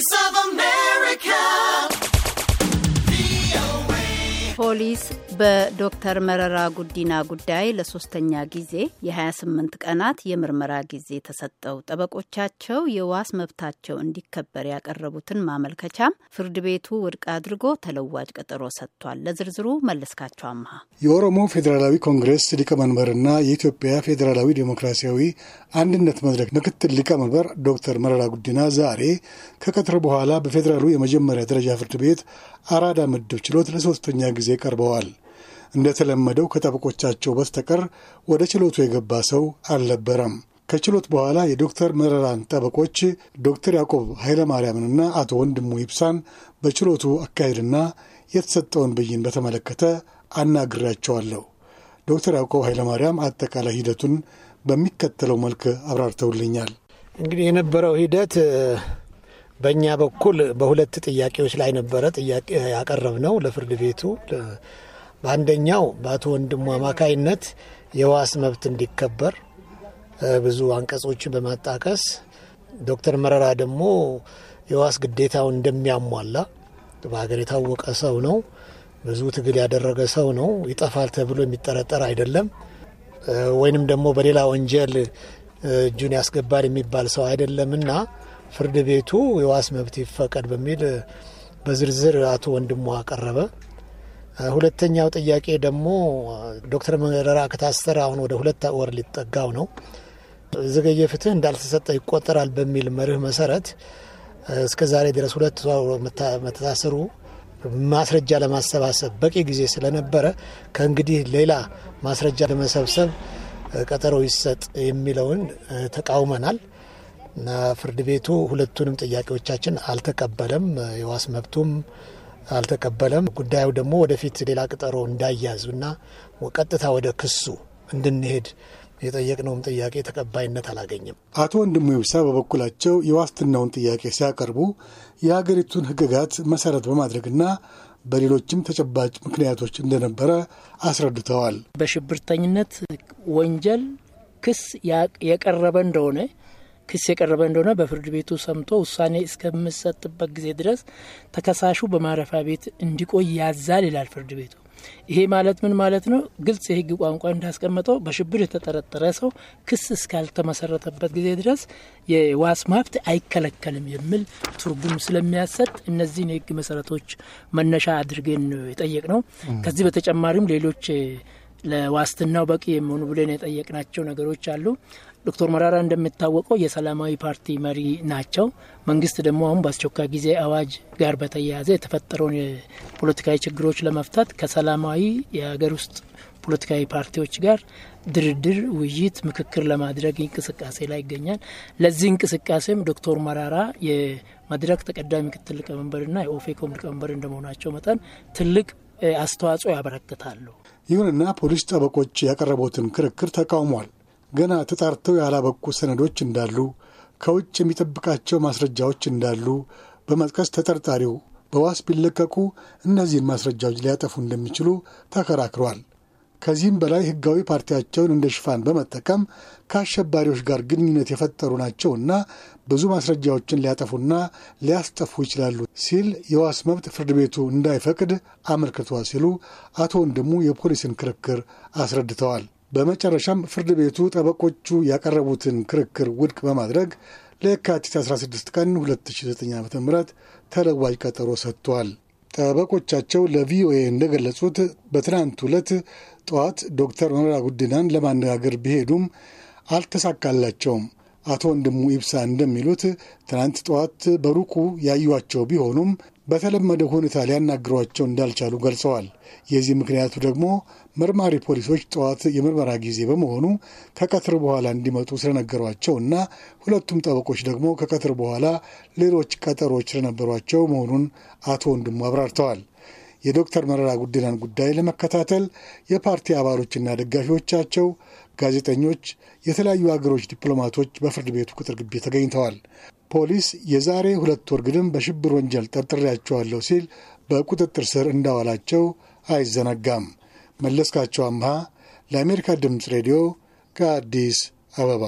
voice of አዲስ በዶክተር መረራ ጉዲና ጉዳይ ለሶስተኛ ጊዜ የ28 ቀናት የምርመራ ጊዜ ተሰጠው። ጠበቆቻቸው የዋስ መብታቸው እንዲከበር ያቀረቡትን ማመልከቻም ፍርድ ቤቱ ውድቅ አድርጎ ተለዋጭ ቀጠሮ ሰጥቷል። ለዝርዝሩ መለስካቸው አመሃ። የኦሮሞ ፌዴራላዊ ኮንግረስ ሊቀመንበርና የኢትዮጵያ ፌዴራላዊ ዴሞክራሲያዊ አንድነት መድረክ ምክትል ሊቀመንበር ዶክተር መረራ ጉዲና ዛሬ ከቀትር በኋላ በፌዴራሉ የመጀመሪያ ደረጃ ፍርድ ቤት አራዳ ምድብ ችሎት ለሶስተኛ ጊዜ ቀርበ ቀርበዋል። እንደተለመደው ከጠበቆቻቸው በስተቀር ወደ ችሎቱ የገባ ሰው አልነበረም። ከችሎት በኋላ የዶክተር መረራን ጠበቆች ዶክተር ያዕቆብ ኃይለማርያምንና አቶ ወንድሙ ይብሳን በችሎቱ አካሄድና የተሰጠውን ብይን በተመለከተ አናግሬያቸዋለሁ። ዶክተር ያዕቆብ ኃይለማርያም አጠቃላይ ሂደቱን በሚከተለው መልክ አብራርተውልኛል። እንግዲህ የነበረው ሂደት በእኛ በኩል በሁለት ጥያቄዎች ላይ ነበረ ጥያቄ ያቀረብነው ለፍርድ ቤቱ። በአንደኛው በአቶ ወንድሙ አማካይነት የዋስ መብት እንዲከበር ብዙ አንቀጾችን በማጣቀስ ዶክተር መረራ ደግሞ የዋስ ግዴታውን እንደሚያሟላ በሀገር የታወቀ ሰው ነው። ብዙ ትግል ያደረገ ሰው ነው። ይጠፋል ተብሎ የሚጠረጠር አይደለም። ወይንም ደግሞ በሌላ ወንጀል እጁን ያስገባል የሚባል ሰው አይደለምና ፍርድ ቤቱ የዋስ መብት ይፈቀድ በሚል በዝርዝር አቶ ወንድሙ አቀረበ። ሁለተኛው ጥያቄ ደግሞ ዶክተር መረራ ከታሰረ አሁን ወደ ሁለት ወር ሊጠጋው ነው፣ ዘገየ ፍትህ እንዳልተሰጠ ይቆጠራል በሚል መርህ መሰረት እስከ ዛሬ ድረስ ሁለት መታሰሩ ማስረጃ ለማሰባሰብ በቂ ጊዜ ስለነበረ ከእንግዲህ ሌላ ማስረጃ ለመሰብሰብ ቀጠሮ ይሰጥ የሚለውን ተቃውመናል። እና ፍርድ ቤቱ ሁለቱንም ጥያቄዎቻችን አልተቀበለም። የዋስ መብቱም አልተቀበለም። ጉዳዩ ደግሞ ወደፊት ሌላ ቅጠሮ ቀጠሮ እና ቀጥታ ወደ ክሱ እንድንሄድ የጠየቅነውም ጥያቄ ተቀባይነት አላገኘም። አቶ ወንድሙ ይብሳ በበኩላቸው የዋስትናውን ጥያቄ ሲያቀርቡ የሀገሪቱን ሕግጋት መሰረት በማድረግና በሌሎችም ተጨባጭ ምክንያቶች እንደነበረ አስረድተዋል። በሽብርተኝነት ወንጀል ክስ የቀረበ እንደሆነ ክስ የቀረበ እንደሆነ በፍርድ ቤቱ ሰምቶ ውሳኔ እስከምሰጥበት ጊዜ ድረስ ተከሳሹ በማረፊያ ቤት እንዲቆይ ያዛል ይላል ፍርድ ቤቱ። ይሄ ማለት ምን ማለት ነው? ግልጽ የህግ ቋንቋ እንዳስቀመጠው በሽብር የተጠረጠረ ሰው ክስ እስካልተመሰረተበት ጊዜ ድረስ የዋስ ማፍት አይከለከልም የሚል ትርጉም ስለሚያሰጥ እነዚህን የህግ መሰረቶች መነሻ አድርገን የጠየቅ ነው። ከዚህ በተጨማሪም ሌሎች ለዋስትናው በቂ የሚሆኑ ብለን የጠየቅናቸው ነገሮች አሉ። ዶክተር መራራ እንደሚታወቀው የሰላማዊ ፓርቲ መሪ ናቸው። መንግስት ደግሞ አሁን በአስቸኳይ ጊዜ አዋጅ ጋር በተያያዘ የተፈጠረውን የፖለቲካዊ ችግሮች ለመፍታት ከሰላማዊ የሀገር ውስጥ ፖለቲካዊ ፓርቲዎች ጋር ድርድር፣ ውይይት፣ ምክክር ለማድረግ እንቅስቃሴ ላይ ይገኛል። ለዚህ እንቅስቃሴም ዶክተር መራራ የመድረክ ተቀዳሚ ምክትል ሊቀመንበርና የኦፌኮም ሊቀመንበር እንደመሆናቸው መጠን ትልቅ አስተዋጽኦ ያበረክታሉ። ይሁንና ፖሊስ ጠበቆች ያቀረቡትን ክርክር ተቃውሟል። ገና ተጣርተው ያላበቁ ሰነዶች እንዳሉ፣ ከውጭ የሚጠብቃቸው ማስረጃዎች እንዳሉ በመጥቀስ ተጠርጣሪው በዋስ ቢለቀቁ እነዚህን ማስረጃዎች ሊያጠፉ እንደሚችሉ ተከራክሯል። ከዚህም በላይ ህጋዊ ፓርቲያቸውን እንደ ሽፋን በመጠቀም ከአሸባሪዎች ጋር ግንኙነት የፈጠሩ ናቸውና ብዙ ማስረጃዎችን ሊያጠፉና ሊያስጠፉ ይችላሉ ሲል የዋስ መብት ፍርድ ቤቱ እንዳይፈቅድ አመልክቷል ሲሉ አቶ ወንድሙ የፖሊስን ክርክር አስረድተዋል። በመጨረሻም ፍርድ ቤቱ ጠበቆቹ ያቀረቡትን ክርክር ውድቅ በማድረግ ለየካቲት 16 ቀን 2009 ዓ ም ተለዋጅ ቀጠሮ ሰጥቷል። ጠበቆቻቸው ለቪኦኤ እንደገለጹት በትናንት ሁለት ጠዋት ዶክተር መረራ ጉዲናን ለማነጋገር ቢሄዱም አልተሳካላቸውም። አቶ ወንድሙ ኢብሳ እንደሚሉት ትናንት ጠዋት በሩቁ ያዩቸው ቢሆኑም በተለመደ ሁኔታ ሊያናግሯቸው እንዳልቻሉ ገልጸዋል። የዚህ ምክንያቱ ደግሞ መርማሪ ፖሊሶች ጠዋት የምርመራ ጊዜ በመሆኑ ከቀትር በኋላ እንዲመጡ ስለነገሯቸው እና ሁለቱም ጠበቆች ደግሞ ከቀትር በኋላ ሌሎች ቀጠሮች ስለነበሯቸው መሆኑን አቶ ወንድሙ አብራርተዋል። የዶክተር መረራ ጉዲናን ጉዳይ ለመከታተል የፓርቲ አባሎችና ደጋፊዎቻቸው፣ ጋዜጠኞች፣ የተለያዩ አገሮች ዲፕሎማቶች በፍርድ ቤቱ ቅጥር ግቢ ተገኝተዋል። ፖሊስ የዛሬ ሁለት ወር ግድም በሽብር ወንጀል ጠርጥሬያቸዋለሁ ሲል በቁጥጥር ስር እንዳዋላቸው አይዘነጋም። መለስካቸው አምሃ ለአሜሪካ ድምፅ ሬዲዮ ከአዲስ አበባ